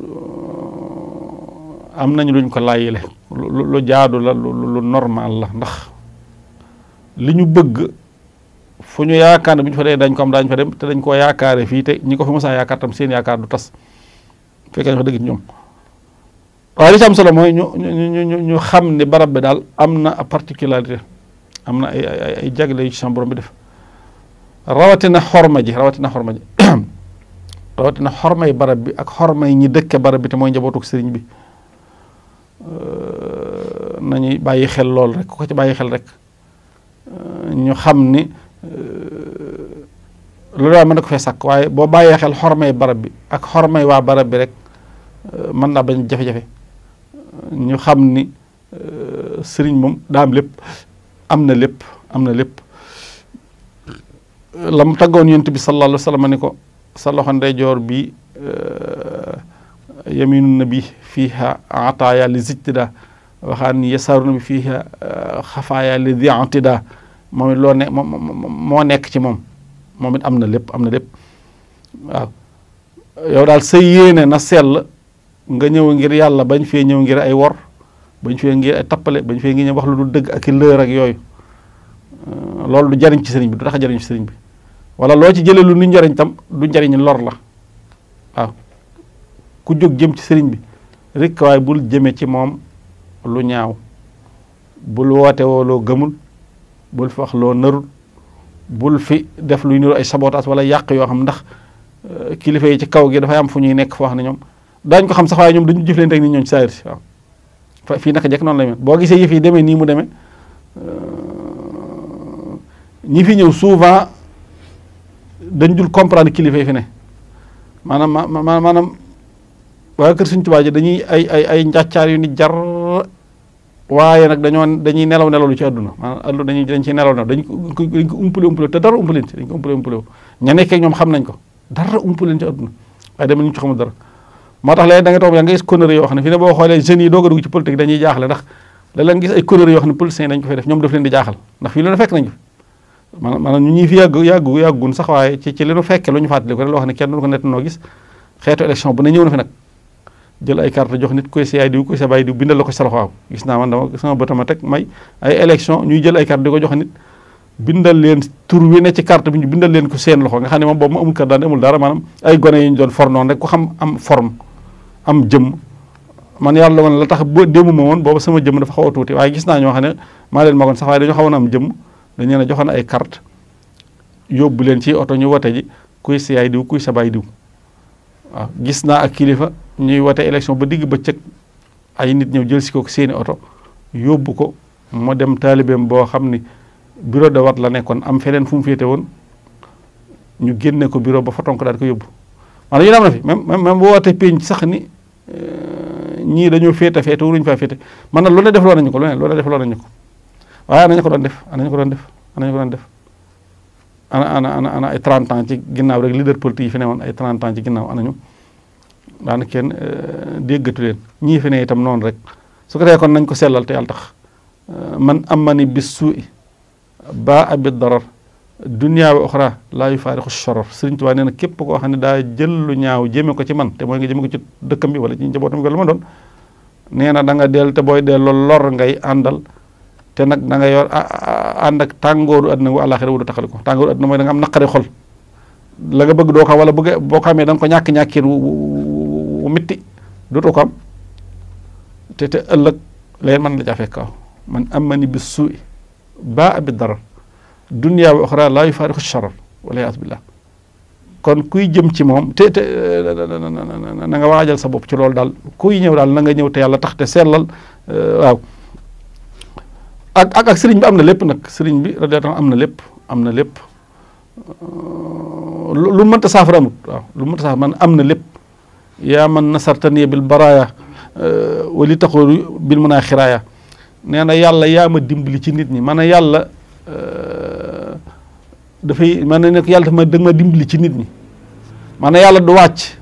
A: am nañu luñ ko layyile lu jaadu la lu normal la ndax li ñu bëgg fu ñu yaakaar ne bu ñu fa dee dañ ko am daañu fa dem te dañ koo yaakaare fii te ñi ko fi mos a yaakaar tam seen yaakaar du tas fekkee dañ fa dëgg ñoom waaye li ci solo mooy ñu ñu ñu ñu xam ne barab bi daal am na a particularité am na ay ay ay jagle yu ci bi def rawatina xorma ji rawatina xorma ji (clears throat) rawatina xormay barab bi ak xormay ñi dëkke barab bi te mooy njabootuk sëriñ bi nañuy bàyyi xel lool bàyyi xel rek ñu xam ni loolu daal mën na ko fee sàkk waaye boo bàyyee xel xormay barab bi ak xormay waa barab bi rek mën naa bañ jafe-jafe ñu xam ni euh, sëriñ moom daam lépp am na lépp am na lépp la mu tàggoon bi sallallahu alayhi wa ni ko sa loxo ndeyjoor bi euh, yaminu nabi fiiha ataaya li zictida waxaan ni yasaaru nabi fiiha euh, xafaaya li diantida moom it loo nekk ci moom moom it am na lépp am na lépp waaw yow daal sa yéene na sell nga ñëw ngir yàlla bañ fee ñëw ngir ay wor bañ fee ngir ay tappale bañ fee ngir wax lu dul dëgg ak i lër ak yooyu euh, loolu du jariñ ci sëriñ bi du tax a jariñ ci sëriñ bi wala loo ci jëlee lu nu njariñ tam du njariñ lor la waaw ku jóg jëm ci sëriñ bi rekk waaye bul jëmee ci moom lu ñaaw bul woote loo gëmul bul fi wax loo nërul bul fi def luy niru ay sabotaas wala yàq yoo xam ndax euh, kilifa yi ci kaw gi dafay am fu ñuy nekk foo xam ne ñoom daañ ko xam sax waaye ñoom dañu jëflante ak nit ñoom ci saa fii naka jekk noonu lay mel boo gisee yëf deme demee nii mu demee euh, ñi fi ñëw souvent dañ jul comprendre kilifa yi fi ne maanaam ma maanaam waa kër suñ Tuubaa ji dañuy ay ay ay njàccaar yu ni jar waaye nag dañoo dañuy nelaw nelaw lu ci àdduna maanaam àdduna dañuy dañ ci nelaw nelaw dañ ko dañ ko umpale umpale te dara umpaleen ci dañ ko umpale umpale ña nekkee ñoom xam nañ ko dara umpaleen ci àdduna waaye dama ñu ci xamul dara moo tax léegi da nga toog yaa nga gis conneries yoo xam ne fi ne boo xoolee jeunes yi doog a dugg ci politique dañuy jaaxle ndax la la nga gis ay conneries yoo xam ne fii ne fekk nañu maanaam yàgg yàggu sax waaye ci ci li nu fekkee lu ñu fàttali ko rek loo xam ne kenn du koy sa yaay diw koy sa baay diw bindal jël ay carte di ko jox nit leen tur ne ci carte bi leen ko seen loxo nga xam ne moom boobu mu amul carte daan amul dara maanaam ay gone yi doon for noonu rek ku xam am forme am jëmm man yàlla la woon la tax ba démb ma woon booba sama jëmm dafa xaw a tuuti waaye gis naa ñoo xam ne maa leen magoon sax waaye dañoo xawoon am jëmm dañ leen a joxoon ay carte yóbbu leen ci oto ñu wote ji kuy sa yaay diw kuy sa baay diw waaw gis naa ak kilifa ñuy wote élection ba digg ba bëccëg ay nit ñëw jël si kook seeni oto yóbbu ko mu dem taalibeem boo xam ni bureau de wat la nekkoon am feneen fu mu féete woon ñu génne ko bureau ba foton ko daal ko yóbbu ñii dañoo féete féete wuruñu faa féete man nag lu ne defloo nañu ko lu ne lu ne defloo nañu ko waaye anañu ko doon def anañu ko doon def anañu ko doon def ana ana ana ana ay 30 ans ci ginnaaw rek leader politique yi fi woon ay 30 ans ci ginnaaw anañu daana kenn euh, déggatu leen ñii fi ne itam noonu rek su ko defee nañ ko sellal te yàlla tax euh, man amani bis suu'i baa abid darar dunya wa oxra laa yu faariqu charor Sëriñ Tuubaa nee na képp koo xam ne daa jël lu ñaaw jëme ko ci man te mooy nga jëme ko ci dëkk bi wala ci njabootam bi wala ma doon nee na da nga te booy delloo lor ngay àndal te nag da nga yor ànd ak tàngooru àdduna wu àllaaxira wu du taxali ko tàngooru àdduna mooy da nga am naqari xol la nga bëgg doo ko am wala bëgg boo ko amee da nga ko ñàkk-ñàkkin wu mitti dootoo ko am te te ëllëg leen man la jaa fekk man amani bis suu'i baa bi dunya wa oxra laa yufaariqu charar wala yaatu billah kon kuy jëm ci moom te te na nga waajal sa bopp ci loolu daal kuy ñëw daal na nga ñëw te yàlla tax te sellal euh, waaw ak ak bi am na lépp nag sëriñ bi radiyallahu am na lépp am na lépp euh, lu mënta saafara amut waaw lu mënta saafara man am na lépp yaa man nasartani bil baraaya euh, wali taxoor bil munaa xiraaya nee na yàlla yaa ma dimbali ci nit ñi man a yàlla fay man nek yalla dama dafa ma dimbali ci nit ni man yalla du wacc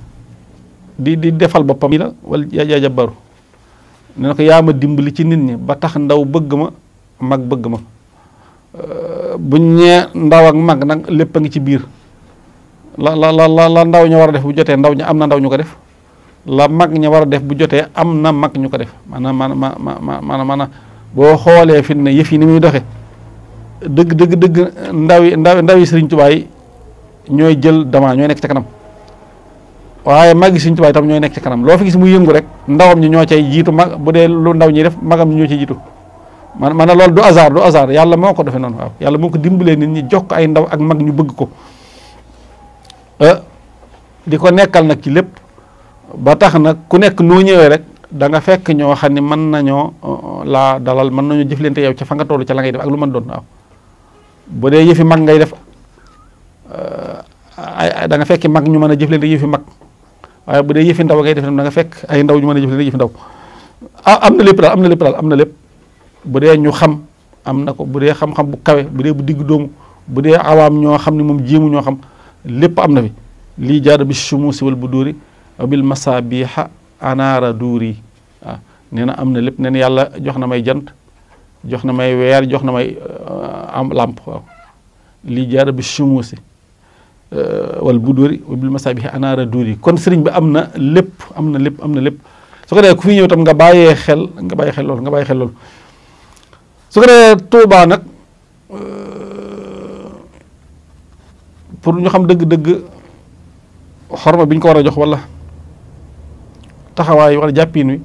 A: di di defal bopam la ya ya jabaru ne na ko ma dimbali ci nit ni ba tax ndaw bëgg ma mag bëgg ma euh, buñ ñee ndaw ak mag nak lepp nga ci biir la la la la ndaw ñu wara def bu jotee ndaw ñu am na ndaw ñu ko def la mag ñu wara def bu jotee am na mag ñu ko def manam manam manam manam bo xolé fi ne yef ni muy doxé dëgg dëgg dëgg ndaw ndawi ndaw ndaw yi sëriñ Tuubaa ñooy jël dama ñooy nekk ca kanam waaye màggi sëriñ Tuubaa yi tam ñooy nekk ca kanam loo fi gis muy yëngu rek ndawam ñi ñoo cay jiitu mag bu dee lu ndaw ñi def magam ñi ñoo cay jiitu man man loolu du hasard du hasard yàlla moo ko defee noonu waaw yàlla moo ko dimbalee nit ñi jox ko ay ndaw ak mag ñu bëgg ko eh, di ko nekkal nag ci lépp ba tax nag ku nekk noo ñëwee rek da nga fekk ñoo xam ne mën nañoo eh, laa dalal mën nañoo jëflante yow ca fa nga toll ca la ngay def ak mën doon waaw bu dee yëfi mag ngay def euh, ay da nga fekki mag ñu mën a jëflante yëfi mag waaye bu dee yëfi ndaw ngay def da nga fekk ay ndaw ñu mën a jëflante yëfi ndaw ah, am na lépp daal am na lépp daal am na lépp bu dee ñu xam am na ko bu dee xam-xam bu kawe bu dee bu digg doomu bu dee awaam ñoo xam ne moom jéemu ñoo xam lépp am na fi lii jaada bi shumuusi bu buduuri aw bil masaabiha anaara duuri waaw ah, nee na am na lépp nee na yàlla jox na may jant jox na may weer jox na may euh, am làmp waaw lii jaara bi chumusi wala bu dóori bil masabixi anaara dóor yi kon sëriñ bi am na lépp am na lépp am na lépp su ko defee ku fi ñëw tam nga bàyyee xel nga bàyyi xel nga bàyyi xel loolu su ko defee Tuubaa nag euh, pour ñu xam dëgg-dëgg xorma bi ñu ko war a jox wala taxawaay wala jàppiin wi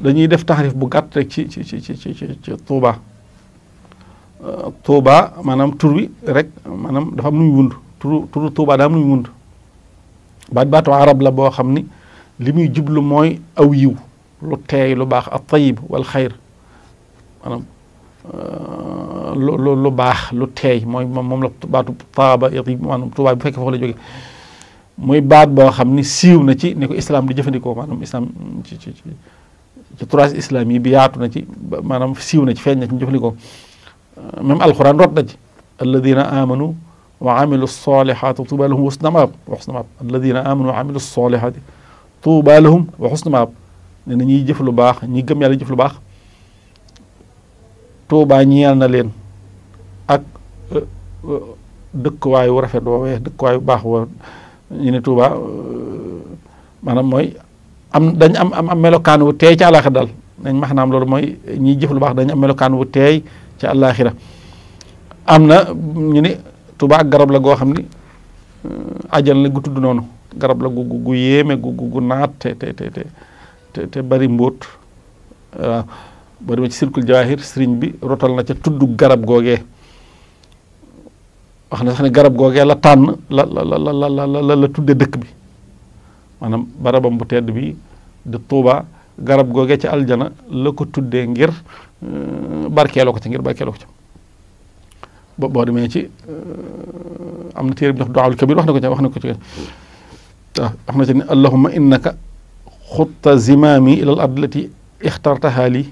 A: dañuy def taxarif bu gàtt rek ci ci ci ci ci ci euh, maanaam tur rek maanaam dafa am nuy wund turu turu daa am nuy wund baat baatu arab la boo xam ni li muy jublu mooy aw yiw lu teey lu baax at tayib wal maanaam euh, lu lu baax lu teey mooy moom la baatu taaba yatib maanaam Touba bu fekkee foofu la jógee. muy baat boo xam ni siiw na ci ni ko islam di jëfandikoo maanaam islam ci ci trois islam yi bi yaatu na ci maanaam siiw na ci feeñ na ci ñu jëfandikoo même alxuraan rot na ci alladina amanu wa amilu solihati tuuba lahum wa xusna maab wa xusna maab alladina amanu wa amilu solihati tuuba lahum wa xusna maab nee na ñiy jëf lu baax ñi gëm yàlla jëf lu baax tuuba ñeel na leen ak dëkkuwaay wu rafet woowee dëkkuwaay bu baax woo ñu ne tuuba maanaam mooy am dañ am am melokaan wu teey ci àllaaxira daal dañ am loolu mooy ñiy jëf lu baax dañ am melokaan wu teey ci àllaaxira am na ñu ne tuba ak garab la goo xam ni euh, ajal la gu tudd noonu garab la gu gu yéeme gu gu naat te te te te bari mbóot waaw boo demee ci circul jawahir sëriñ bi rotal na ca tudd garab googee wax na sax ne garab googee la tànn la la la la la la la tudde dëkk bi maanaam barabam bu tedd bi di Touba garab googee ci aljana la ko tuddee ngir euh, barkeeloo ko ci ngir barkeeloo ko ci bo boo demee ci euh, am na téere bi ndax doxal kabir wax na ko ci wax na ko ci waaw wax na ci ne allahumma innaka xutta zimaami ila al ard lati ixtartaha li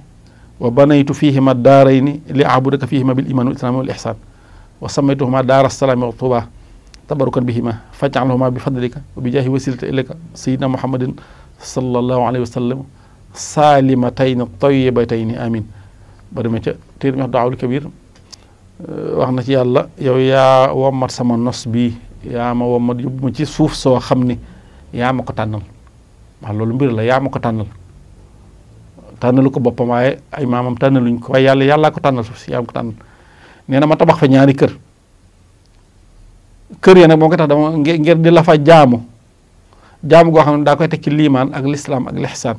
A: wa banaytu fihima daarayni li abudaka fihima bil iman wal islam wal ihsan wa samaytuhuma daara salaami wa tuuba bi tabarukan bihima faj'alhuma bi fadlika wa bi jaahi wasilata ilayka sayyidina muhammadin sallallahu alayhi wa sallam saalimatayni tayyibatayni amin ba demee ca téer mi daawul kabir euh, wax na ci yàlla yow yaa wommat sama nos bii yaa ma wommat yóbbu ci suuf soo xam ni yaa ma ko tànnal wax loolu mbir la yaa ma ko tànnal tànnalu ko boppam waaye ay maamam tànnaluñ ko waaye yàlla yàllaa ko tànnal suuf si yaa ma ko tànnal nee na ma tabax fa ñaari kër kër ya nag moo ko tax dama ngir di la fa jaamu jaamu go xamne da koy tek ci liman ak l'islam ak l'ihsan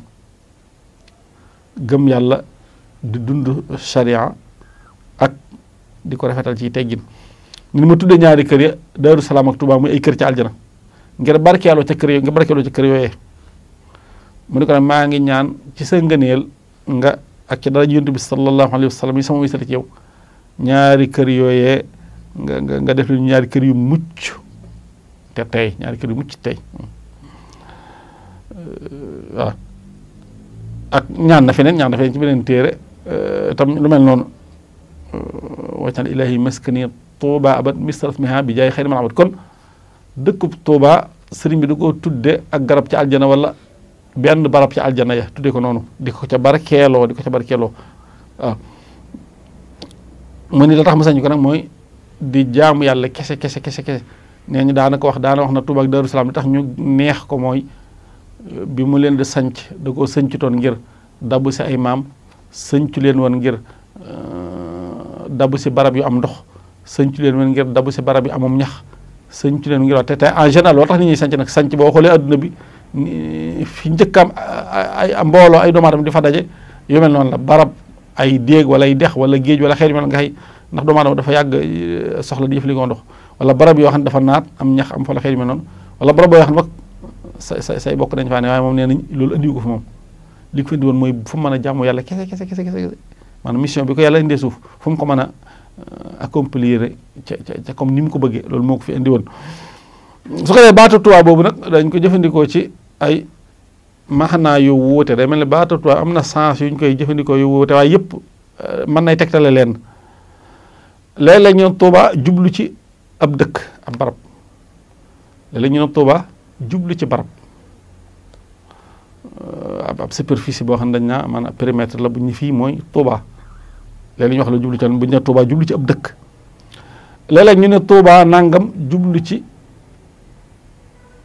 A: gëm yalla di dund sharia ak di ko rafetal ci teggin ni ma tudde ñaari kër ya daru salam ak tuba muy ay kër ci aljana ngir barkeeloo ci kër yo nga barkeeloo ci kër yooyee mu ne ko ma ngi ñaan ci sa ngëneel nga ak ci dara yunus bi sallallahu alayhi wasallam yi sama wisati ci yow ñaari kër yooyee nga nga nga def lu ñaari kër yu mucc te tey ñaari kër yu mucc tey euh, waaw ak ñaan na feneen ñaan na feneen ci beneen téere euh, tam lu mel noonu euh, waccal ilahi maskani tuuba abad misraf miha bi jaay xëy man abad kon dëkkub tuuba sëriñ bi da ko tudde ak garab ci aljana wala benn barab ci aljana ya tudde ko noonu di ko ca barkeeloo di ko ca barkeeloo mu ni la tax ma sañ ko nag mooy di jaamu yàlla kese kese kese kese nee ñu daanaka wax daana wax na Tuuba ak Daaru Salaam tax ñu neex ko mooy bi mu leen di sanc da koo sëncitoon ngir dabu si ay maam sëncu leen woon ngir euh, dabu si barab yu am ndox sëncu leen woon ngir dabu si barab yu amum ñax sëncu leen ngir wax te te en général loolu tax nit ñuy sanc nag sanc boo xoolee adduna bi fi njëkkaam ay mbooloo ay doomu aadama di fa daje yu mel noonu la barab ay déeg wala ay dex wala géej wala xeer yu mel nga xay ndax doomu aadama dafa yàgg euh, soxla di jëfandikoo ndox wala barab yoo xam ne dafa naat am ñax am fa la xëy mel noonu wala barab yoo xam ne say say say bokk dañ faa ne waaye moom nee nañ loolu andiwu ko fi moom li ko fi indi mooy fu mu mën a jàmm yàlla kese kese kese kese maanaam mission bi ko yalla indee suuf fu mu ko mën a euh, accomplir ca ca comme ni mu ko bëggee loolu moo ko fi indi woon su ko dee baatu tuwaa boobu nag dañ ko jëfandikoo ci ay maxanaa yu wuute day mel ne baatu am na sens yu ñu koy jëfandikoo yu wuute waaye yëpp euh, mën nay tegtale leen léeg-léeg ñu ne jublu ci ab dëkk ab barab léeg-léeg ñu ne jublu ci barab euh, ab ab superficie boo xam dañ naa maanaam périmètre la bu ñu fii mooy Touba léeg ñu wax la jublu ci bu ñu jublu ci ab dëkk léeg-léeg ñu ne Touba nangam jublu ci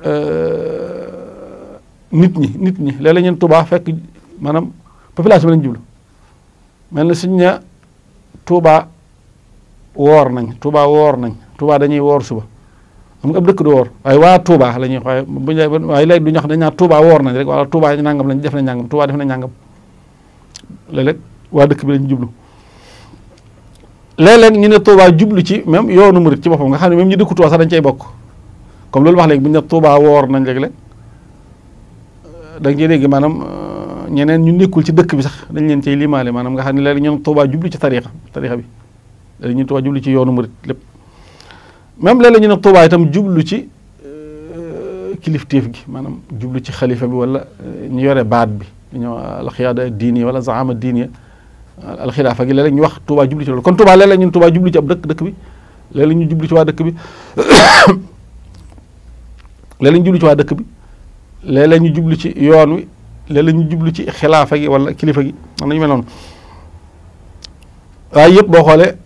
A: euh, nit ñi nit ñi léeg-léeg ñu ne fekk maanaam population bi lañ jublu mel na ne woor nañ Touba woor nañ Touba dañuy woor suba xam nga ab dëkk du woor waaye waa Touba la ñuy waaye buñ la waaye léegi du ñu wax dañ woor nañ rek wala Touba nangam lañ def na nangam Touba def na nangam waa dëkk bi lañ jublu leen ñu ne Touba jublu ci même yoonu murit ci boppam nga xam ne même ñu dëkku Touba dañ cay bokk comme loolu wax léegi bu ñu ne woor nañ léeg-léeg da nga ciy dégg maanaam euh, ñeneen ñu nekkul ci dëkk bi sax dañ leen cay limaale maanaam nga xam ne léeg-léeg ñoom Touba jublu ci tariixa tariixa bi dañuy Tuubaa jublu ci yoonu murit lépp même ñu ne Tuubaa itam jublu ci euh, kilifteef gi maanaam jublu ci xalifa bi wala euh, ñu yore baat bi ñoo euh, alxiyaada diini wala zaama diini gi léeg-léeg wax Tuubaa jublu ci loolu kon Tuubaa léeg-léeg ñun Tuubaa jublu ñu jublu ci waa dëkk (coughs) jublu ci dëkk bi léeg ñu jublu ci yoon wi léeg-léeg ñu jublu ci xilaafa gi wala kilifa gi man nañu mel noonu waaye yëpp boo xoolee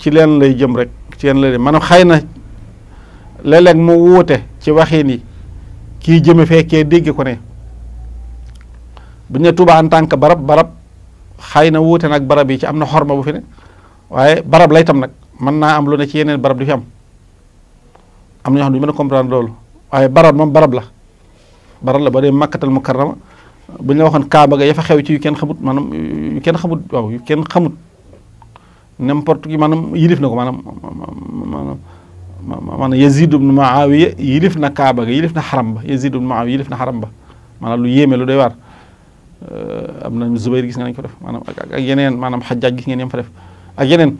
A: ci leen lay jëm rek ci leen lay maanaam xëy na léeg-léeg mu wuute ci waxin yi kii jëme fekkee dégg ko ne bu ñu ne Tuubaa en tant que barab barab xëy na wuute nag barab yi ci am na xorma bu fi ne waaye barab lay tam nag mën naa am lu ne ci yeneen barab di fi am am na ñoo xam ne du loolu waaye barab moom barab la barab la boo dee makkatal mukarrama bu ñu la waxoon kaaba ga ya fa xew ci yu kenn xamut maanaam yu kenn xamut waaw yu kenn xamut n'importe qui maanaam yilif na ko maanaam maanaam maanaam Yazid ibn Muawiya yilif na Kaaba ga yilif na xaram ba Yazid ibn Muawiya yilif na xaram ba maanaam lu yéeme lu doy waar euh, am na Zubayr gis nañ ko def maanaam yeneen maanaam Xajjaaj gis ngeen yem fa def ak yeneen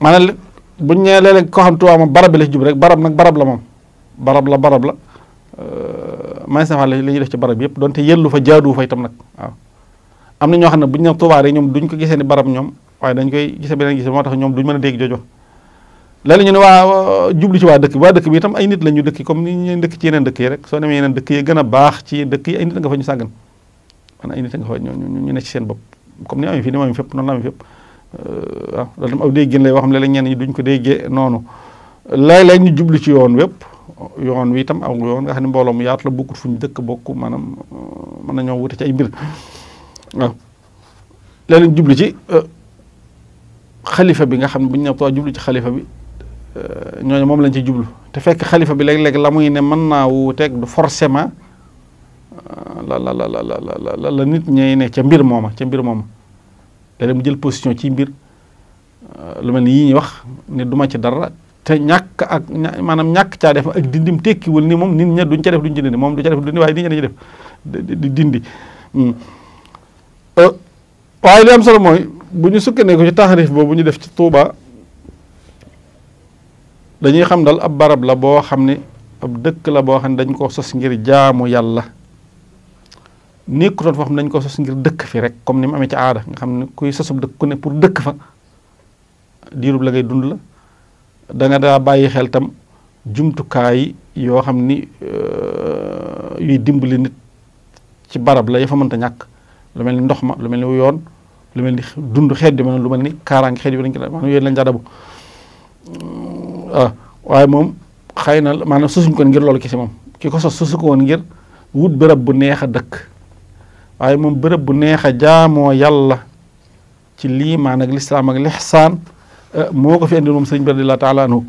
A: maanaam buñ ñee léeg-léeg koo xam tuwaa moom barab bi la ci jub rek barab nag barab la moom barab la barab la euh, may safa la ñuy def ci barab yëpp donte yellu fa jaadu fa itam nag waaw am na ñoo xam ne buñ ne tubaar yi ñoom duñ ko gisee ni barab ñoom waaye dañ koy gise beneen gise moo tax ñoom duñ mën a dégg jooju léeg ñu ne waa jublu ci waa dëkk waa dëkk bi itam ay nit la ñu dëkk comme ni ñu dëkk ci yeneen dëkk yi rek soo demee yeneen dëkk yi gën a baax ci dëkk yi ay nit nga ñu man ay nit ñu ne ci seen bopp comme ni amee fii ni amee fépp noonu la amee fépp euh, waaw loolu tam aw lay wax xam ñi duñ ko déggee noonu léeg-léeg ñu jublu ci yoon wépp yoon wi itam aw yoon nga xam ne mbooloo mu yaatu la bokkut fu ñu dëkk bokk maanaam mën na nañoo wute ci ay mbir waaw léeg-léeg ci euh, khalifa bi nga xam ne ne Tuubaa djublu ci khalifa bi euh ñooñu mom lañ ci djublu te fekk khalifa bi leg leg lamuy ne man na wu tek du forcément la la la la la la la la nit ñay ne ci mbir moma ci mbir mooma léeg mu jël position ci mbir lu melni yi ni wax ne duma ci dara te ñak ak manam ñak ca def ak dindim tekki wul ni mom nit ña duñ ca def duñ ci dindi moom du ca def duñ way nit ña dañuy def di dindi euh waye li am solo moy bu ñu ko ci taxarif boobu ñu def ci Touba dañuy xam dal ab barab la boo xam ne ab dëkk la boo xam ne dañ ko sos ngir jaamu yàlla nekkutoon foo xam ne dañ ko sos ngir dëkk fi rek comme ni mu amee ci aada nga xam ne kuy sosub dëkk ku ne pour dëkk fa diirub la ngay dund la da nga daa bàyyi xel tam jumtukaay yoo xam ni euh, yuy dimbali nit ci barab la ya fa mënta ñàkk lu mel ni ndox ma lu mel ni yoon lu mel dund xeet di maanaam lu mel karang kaaraange xeet bi dañ ah, ko daan maanaam yéen lañ daa dabu waaw waaye susuñ ngir loolu kese moom ki sos susu ko woon ngir wut bërëb bu neex a dëkk waaye moom bërëb bu neex a jaamoo yàlla ci liimaan ak lislaam ak lixsaan eh, moo ko fi indi moom sëriñ bi radiallahu taala anhu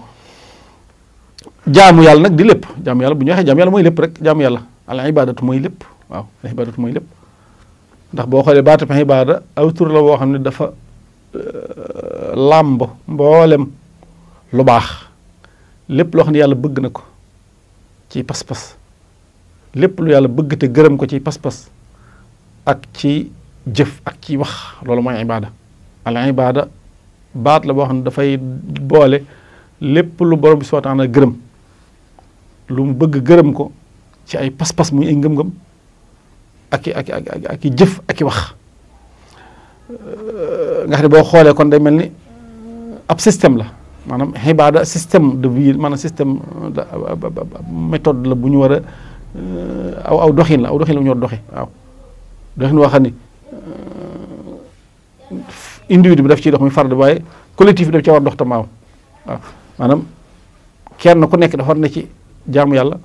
A: jaamu yàlla nag di jaamu bu ñu jaamu rek jaamu al ibadatu waaw ibadatu ndax boo xoolee baatu ibaada aw tur la boo xam ne dafa euh, làmb mboolem lu baax lépp loo xam ne yàlla bëgg na ko ci pas-pas lépp lu yàlla bëgg te gërëm ko ci pas-pas ak ci jëf ak ci wax loolu mooy ibaada al ibaada baat la boo xam ne dafay boole lépp lu borom bi subhaanahu wa gërëm lu mu bëgg gërëm ko ci ay pas-pas muy ay ngëm-ngëm ak i ak i ak i jëf ak i wax nga xam ne boo xoolee kon day mel ni ab système la maanaam xibaada système de vie maanaam système méthode la bu ñu war a aw aw doxin la aw doxin la bu ñu war a doxe waaw doxin woo xam ni individu bi daf ciy dox muy fard waaye collectif bi daf ci war dox tamaaw waaw maanaam kenn ku nekk dafa war na ci jaamu yàlla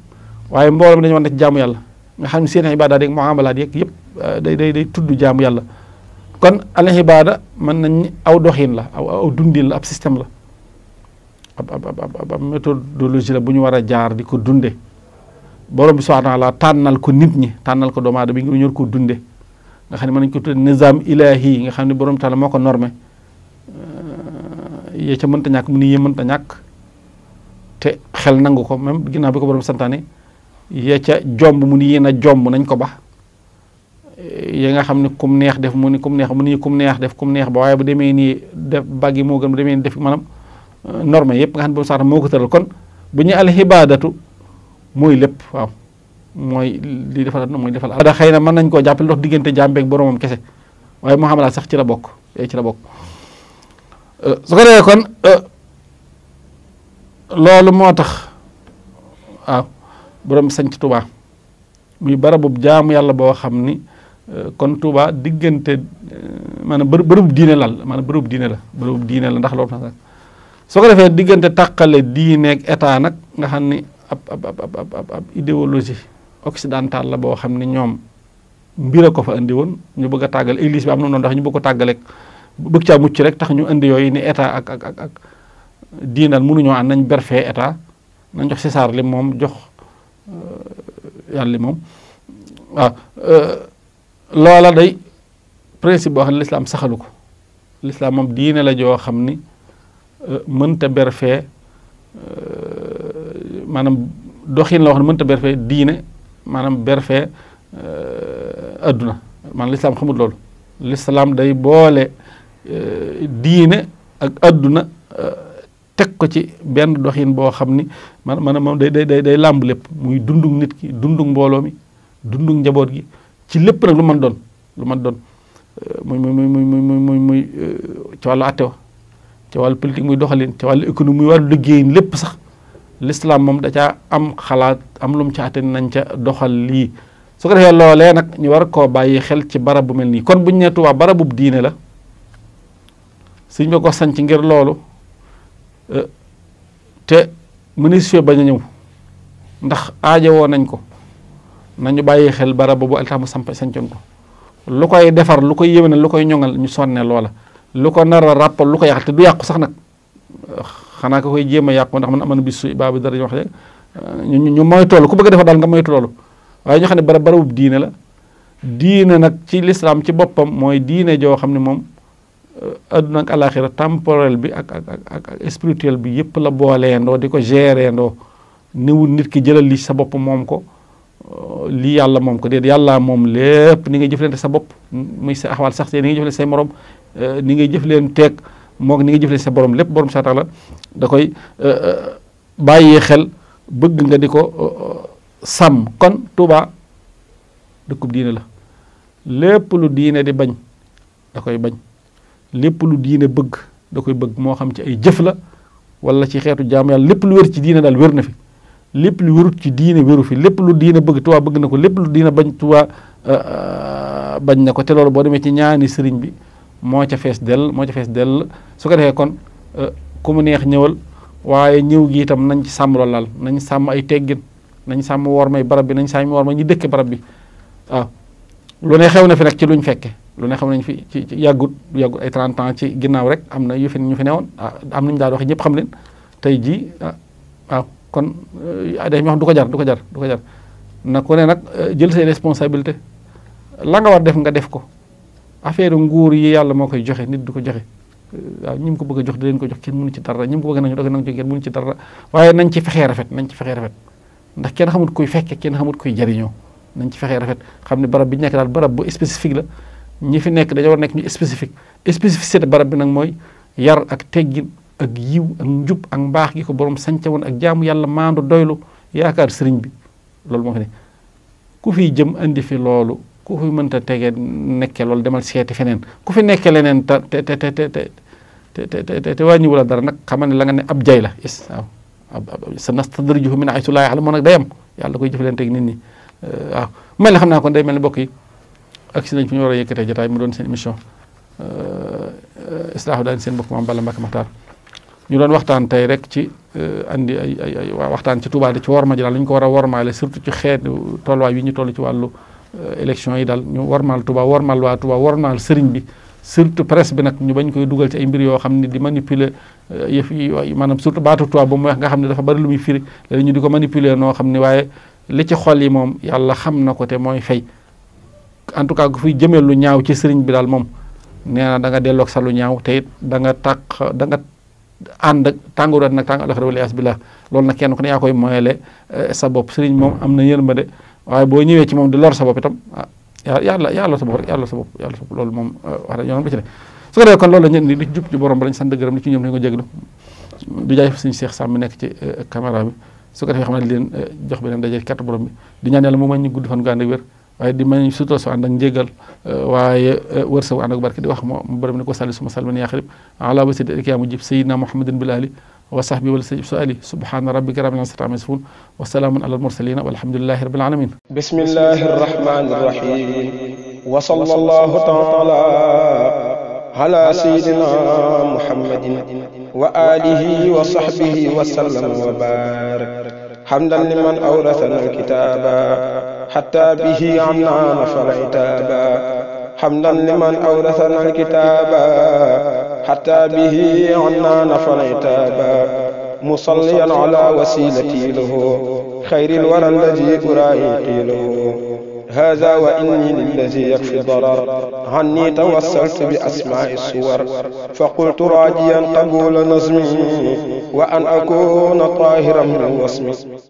A: waaye mbooloo mi dañu war na ci jaamu yàlla nga xamni seen ibada rek muamala rek yep day day day tuddu jaamu yalla kon al ibada man nañ aw doxin la aw aw dundil ab système la ab ab ab ab méthodologie la buñu wara jaar di dundé borom subhanahu wa taala tanal ko nit ñi tanal ko doomaade bi ngi ñor ko dundé nga xamni man nañ ko tudd nizam ilahi nga xamni borom taala moko ko normé eh, yee ca ta ñàkk mu ni mën ta ñàkk te xel nangu ko même ginnaaw bi ko borom santane ya jomb mu yéen a nañ ko ba ya nga xam ne kum neex def mu ni kum neex mu ni kum neex def kum neex ba waaye bu demee nii def baggi moo gën demee nii def maanaam euh, norme yëpp nga xam ne boobu moo ko tëral kon bu ñu al xibaadatu mooy lépp waaw mooy li defal mooy defal da xëy na mën nañ koo jàppale dox diggante jàmbeeg boromam kese waaye moo sax ci sax ci la bokk euh, su ko euh, loolu moo tax waaw borom sanc Touba muy barabu jaamu yalla bo xamni euh, kon Touba diggante euh, man barabu bërëb diine lal man barabu diine la barabu diine la ndax loolu sax so ko defee diggante tàqale ak état nak nga xamni ab ab ab ab ab ab idéologie occidentale la bo xamni ni mbira ko fa andi won ñu bëgg tagal tàggale église bi am non ndax ñu bëgg ko tàggaleeg bëgg ci mucc rek tax ñu andi yoy ni état ak ak ak ak mënu ñu ànd nañ berfé état nañ jox César li mom jox. Euh, yàlla moom waaw ah, euh, loola day principe boo xam ne lislaam saxalu ko lislaam moom diine la joo xam ni euh, mënta berfee maanaam doxin la wax ne mënta berfee diine maanaam berfee adduna maanaam lislaam xamul loolu lislaam day boole diine ak adduna teg ko ci benn doxin boo xam ni man maanaam day day day làmb lépp muy dundug nit ki dundug mbooloo mi dundug njaboot gi ci lépp nag lu man doon lu man doon euh, muy muy muy muy muy muy muy euh, ci wàllu wa ci wàllu politique muy doxalin ci wàllu économie muy wàllu liggéeyin lépp sax l'islam moom da caa am xalaat am lu mu ci àtte nañ ca doxal lii su ko defee loolee nag ñu war koo bàyyi xel ci barab bu mel nii kon buñu nee Tuubaa barabub diine la suñ ba ko sanc ngir loolu Euh, te mënees fee bañ a ñëw ndax aajowoo nañ ko nañu bàyyi xel barab boobu altax mu samp sancoon ko lu koy defar lu koy yéwénal lu koy ñoŋal ñu sonne loola lu ko nar a lu ko yàq te du yàqu sax nag xanaa ko koy jéem a yàqu ndax man amoon bis su baabu dara ñu wax rek ñu ñu moytu loolu ku bëgg defar daal nga moytu loolu waaye ñu xam ne barab barabu diine la diine nag ci lislaam ci boppam mooy diine joo xam ne moom aduna ak alakhirah temporel bi ak ak ak ak spirituel bi yep la booleendoo di ko géreendoo niwul nit ki jëlal li sa bop mom ko euh, li yalla mom ko déet yalla mom lépp ni nga jëflante sa bop muy sa ahwal sax te ni nga jëflante say morom euh, ni ngay jëflanteeg mok ni nga jëflante sa borom lépp borom saa da koy euh, bàyyi xel bëgg nga diko ko kon kon de coupe dina la lépp lu diine di bañ da koy bañ lépp lu diine bëgg da koy bëgg moo xam ci ay jëf la wala ci xeetu jaamu yàlla lépp lu wér ci diine daal wér na fi lépp lu wérut ci diine wéru fi lépp lu diine bëgg Tuubaa bëgg na ko lépp lu diine bañ Tuubaa euh, euh, bañ na ko te loolu boo demee ci ñaani sëriñ bi moo ca fees dell moo ca fees dell su ko defee kon euh, ku mu neex ñëwal waaye ñëw gi itam nañ ci sàmm loolu laal nañ sàmm ay teggin nañ sàmm woor may barab bi nañ sàmm woor may ñi dëkk barab bi waaw lu ne xew na fi nag ci luñ fekke lu ne xam nañ fi ci yagut yàggut ay 30 ans ci ginnaw rek amna yu fi ñu fi newoon ah, am nañu daal wax ñepp xam leen tay ji ah, wa kon day mi xam ko jar duko jar duko jar na ko ne nak euh, jël say responsabilité la nga war def nga def ko affaire nguur yi yalla mo koy joxe nit duko joxe euh, waaw ñi ko bëgg jox di leen ko jox kenn mënu ci dara ñim ko bëgg nañ doog nañ ci kenn mënu ci dara waye nañ ci fexé rafet nañ ci fexé rafet ndax kenn xamut kuy fekke kenn xamut kuy jariño nañ ci fexé rafet xamni barab bi ñek dal barab bu spécifique la ñi fi nekk dañoo war nekk ñu spécifique spécificité barab bi nag mooy yar ak teggin ak yiw ak njub ak mbaax gi ko borom sanca woon ak jaamu yàlla maandu doylu yaakaar sëriñ bi loolu moo ku fi jëm indi fi loolu ku fi mënta tege nekke loolu demal seeti feneen ku fi nekke leneen te te te te te te te wàññiwula dara nag xamal ne la nga ne ab jay la is waaw sa nastadrijuhum min haysu laa ya'lamuun nag day yàlla koy teg nit ñi waaw mel ne xam naa kon day mel ne mbokk yi ak si nañ fu ñu war a yëkkatee jotaay mu doon seen émission euh, islaahu daan seen mbokk maam Balla Mbacke Maxtaar ñu doon waxtaan tey rek ci euh, andi ay ay ay waxtaan ci Touba di ci worma ji daal lu ñu ko war a wormaale surtout ci xeetu tolluwaay yi ñu toll ci wàllu euh, élection yi daal ñu wormaal Touba wormaal waa Touba wormaal sëriñ bi surtout presse bi nag ñu bañ koy dugal ci ay mbir yoo xam ne di manipuler yëf yi maanaam surtout baatu Touba ba mu wax nga xam ne dafa bari lu muy firi léegi ñu di ko manipuler noo xam ne waaye li ci xol yàlla xam na ko te mooy fay. en tout cas ku fi jëmel lu ñaaw ci sëriñ bi dal mom neena da nga delloog sa lu ñaaw te it da nga tak da nga and ak tàngoorat nag tàng alaxira wala asbillah loolu kenn ko ne yakoy moyele eh, sa bop sëriñ mom amna yërmë de waye bo ñëwé ci mom di lor sa bop itam ah, yalla yalla sa bop yalla sa bop yalla sa bop lool mom eh, wax dëgg yoonam ci su ko defee kon loolu la ñeen di li ci borom lañu sant gërëm li ci ñoom nañ jéglu du jay sëriñ cheikh sam nekk ci eh, caméra bi su ko defee xamna di leen jox benen dajé kàtt borom bi di ñaan yàlla mu may gudd fan gu wër waaye di may sutura su ànd ak njégal waaye wërsëg ànd ak barke di wax mu borom ne ko salli suma salman yaa xarib ala basidi ilkiya mujib sayidina muhammadin bil ali wa sahbi wala sajib suali subhana rabbika rabbil izzati amma yasifun wa salaamun ala almursalina walhamdulillahi rabbil alamin bismillahi arrahmani arrahim wa sallallahu taala ala sayidina muhammadin wa alihi wa sahbihi wa sallam wa barak hamdan liman awrathana alkitaba حتى به عنا نفر عتابا حمدا لمن أورثنا الكتاب حتى به عنا نفر عتابا مصليا على وسيلتي له خير الورى الذي أرائي له هذا وإني للذي يكفي الضرر عني توسلت بأسماء الصور فقلت راجيا قبول نظمي وأن أكون طاهرا من وصمي